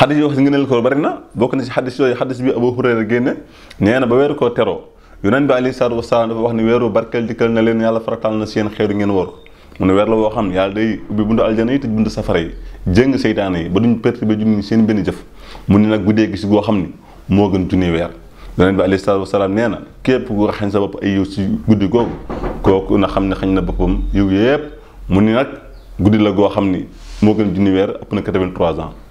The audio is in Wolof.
xadis yi wax si ngëneel koor bari na bokk na si xadis yooyu xadis bi Abu Hurayra génne nee na ba weeru koor teroo yonent bi aleyhi salaatu wasalaam dafa wax ni weeru barkeel dikkal na leen yàlla farataal na seen xeeru ngeen woor mu ne weer la woo xam yàlla day ubbi buntu aljana yi tëj buntu safara yi jëng seytaane yi ba duñ perte ba junni seen benn jëf mu ne nag guddee gis goo xam ni moo gën junni weer yonent bi aleyhi salaatu wasalaam nee na képp ku xañ sa bopp ay yiw si guddi googu kooku na xam ne xañ na boppam yiw yépp mu ni nag guddi la goo xam ni moo gën junni weer ëpp na 83 ans